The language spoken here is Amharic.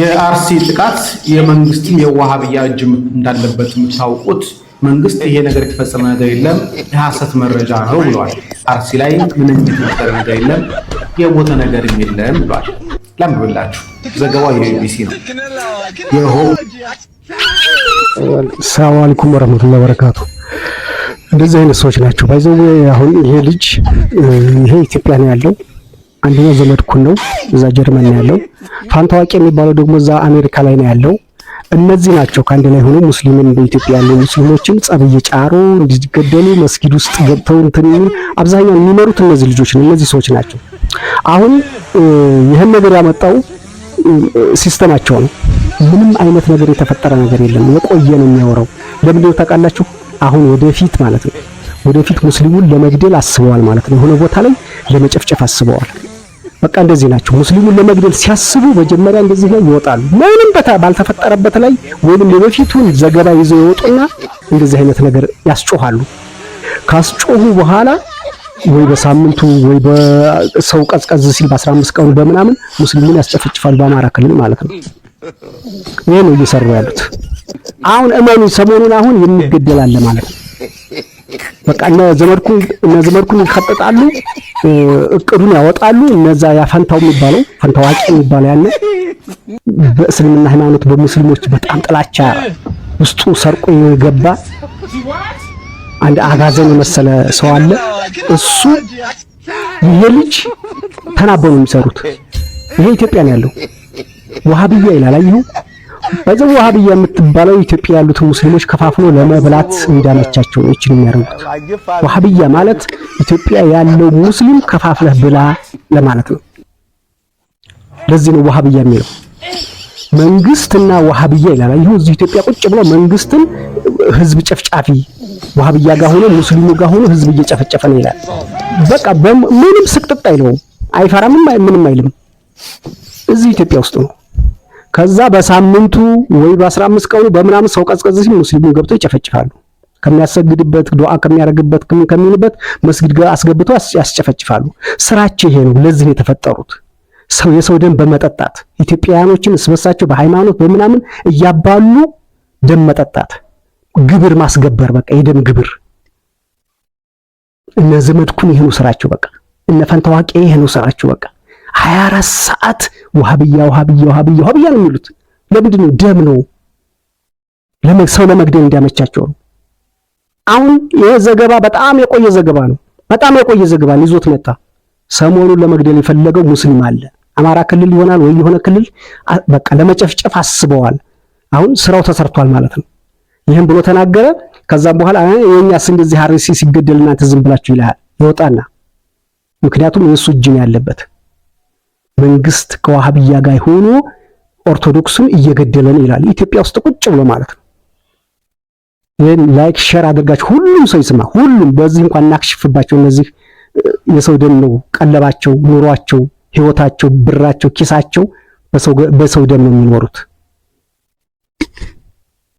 የአርሲ ጥቃት የመንግስትም የዋሃብያ እጅም እንዳለበት የምታውቁት መንግስት ይሄ ነገር የተፈጸመ ነገር የለም የሐሰት መረጃ ነው ብለዋል። አርሲ ላይ ምንም የተፈጠረ ነገር የለም የሞተ ነገርም የለም ብሏል። ለምብላችሁ ዘገባው የቢቢሲ ነው። የሆ ሰላም አለይኩም ወረመቱላ በረካቱ እንደዚህ አይነት ሰዎች ናቸው። ባይዘ አሁን ይሄ ልጅ ይሄ ኢትዮጵያ ነው ያለው አንደኛው ዘመድኩን ነው፣ እዛ ጀርመን ነው ያለው። ፋንታዋቂ የሚባለው ደግሞ እዛ አሜሪካ ላይ ነው ያለው። እነዚህ ናቸው ከአንድ ላይ ሆኖ ሙስሊምን በኢትዮጵያ ያሉ ሙስሊሞችን ጸብ እየጫሩ እንዲገደሉ መስጊድ ውስጥ ገብተው እንትን አብዛኛው የሚመሩት እነዚህ ልጆች ነው፣ እነዚህ ሰዎች ናቸው። አሁን ይህን ነገር ያመጣው ሲስተማቸው ነው። ምንም አይነት ነገር የተፈጠረ ነገር የለም፣ የቆየ ነው የሚያወራው። ነው ታውቃላችሁ? አሁን ወደፊት ማለት ነው ወደፊት ሙስሊሙን ለመግደል አስበዋል ማለት ነው። የሆነ ቦታ ላይ ለመጨፍጨፍ አስበዋል። በቃ እንደዚህ ናቸው። ሙስሊሙን ለመግደል ሲያስቡ መጀመሪያ እንደዚህ ላይ ይወጣሉ። ምንም በታ ባልተፈጠረበት ላይ ወይንም የበፊቱን ዘገባ ይዘው ይወጡና እንደዚህ አይነት ነገር ያስጮሃሉ። ካስጮሁ በኋላ ወይ በሳምንቱ ወይ በሰው ቀዝቀዝ ሲል በ15 ቀኑ በምናምን ሙስሊሙን ያስጨፈጭፋሉ። በአማራ ክልል ማለት ነው። ይሄ ነው እየሰሩ ያሉት። አሁን እመኑ፣ ሰሞኑን አሁን የሚገደላለ ማለት ነው። በቃ እነ ዘመድኩን እነ ዘመድኩን ይከጠጣሉ እቅዱን ያወጣሉ። እነዛ ያፈንታው የሚባለው ፈንታው አቂ የሚባለው ያለ በእስልምና ሃይማኖት በሙስሊሞች በጣም ጥላቻ ውስጡ ሰርቆ የገባ አንድ አጋዘን የመሰለ ሰው አለ። እሱ ይሄ ልጅ ተናበው ነው የሚሰሩት። ይሄ ኢትዮጵያ ነው ያለው። ወሃብያ ይላል አይሁን በዚህ ዋሃብያ የምትባለው ኢትዮጵያ ያሉት ሙስሊሞች ከፋፍሎ ለመብላት እንዳመቻቸው ነው እቺን የሚያደርጉት። ዋሃብያ ማለት ኢትዮጵያ ያለው ሙስሊም ከፋፍለህ ብላ ለማለት ነው። ለዚህ ነው ዋሃብያ የሚለው መንግስትና ዋሃብያ ይላል። ይሁን እዚህ ኢትዮጵያ ቁጭ ብሎ መንግስትን ህዝብ ጨፍጫፊ ዋሃብያ ጋር ሆኖ ሙስሊሙ ጋር ሆኖ ህዝብ እየጨፈጨፈ ነው ይላል። በቃ ምንም ስቅጥጥ አይለውም፣ አይፈራምም፣ ምንም አይልም። እዚህ ኢትዮጵያ ውስጥ ነው። ከዛ በሳምንቱ ወይ በ15 ቀኑ በምናምን ሰው ቀዝቀዝ ሲል ሙስሊሙን ገብቶ ይጨፈጭፋሉ። ከሚያሰግድበት ዱዓ ከሚያደርግበት ከሚልበት መስጊድ ጋር አስገብቶ ያስጨፈጭፋሉ። ስራቸው ይሄ ነው። ለዚህ ነው የተፈጠሩት። ሰው የሰው ደም በመጠጣት ኢትዮጵያውያኖችን እስበሳቸው በሃይማኖት በምናምን እያባሉ ደም መጠጣት፣ ግብር ማስገበር፣ በቃ የደም ግብር። እነ ዘመድኩን ይሄ ነው ስራቸው። በቃ እነ ፈንታዋቂ ይሄ ነው ስራቸው። በቃ ሀያ አራት ሰዓት ውሃብያ ውሃብያ ውሃብያ ውሃብያ ነው የሚሉት። ለምንድን ነው? ደም ነው፣ ሰው ለመግደል እንዲያመቻቸው ነው። አሁን ይሄ ዘገባ በጣም የቆየ ዘገባ ነው። በጣም የቆየ ዘገባ ይዞት መጣ። ሰሞኑን ለመግደል የፈለገው ሙስሊም አለ። አማራ ክልል ይሆናል ወይ የሆነ ክልል በቃ ለመጨፍጨፍ አስበዋል። አሁን ስራው ተሰርቷል ማለት ነው። ይህም ብሎ ተናገረ። ከዛም በኋላ የእኛስ እንደዚህ አርሲ ሲገደል እናንተ ዝም ብላችሁ ይልሃል ይወጣና፣ ምክንያቱም የእሱ እጅ ነው ያለበት መንግስት ከዋሃብያ ጋር ሆኖ ኦርቶዶክሱን እየገደለ ነው ይላል። ኢትዮጵያ ውስጥ ቁጭ ብሎ ማለት ነው። ይህን ላይክ ሸር አድርጋችሁ ሁሉም ሰው ይስማ። ሁሉም በዚህ እንኳን እናክሽፍባቸው። እነዚህ የሰው ደም ነው ቀለባቸው፣ ኑሯቸው፣ ህይወታቸው፣ ብራቸው፣ ኪሳቸው በሰው ደም ነው የሚኖሩት።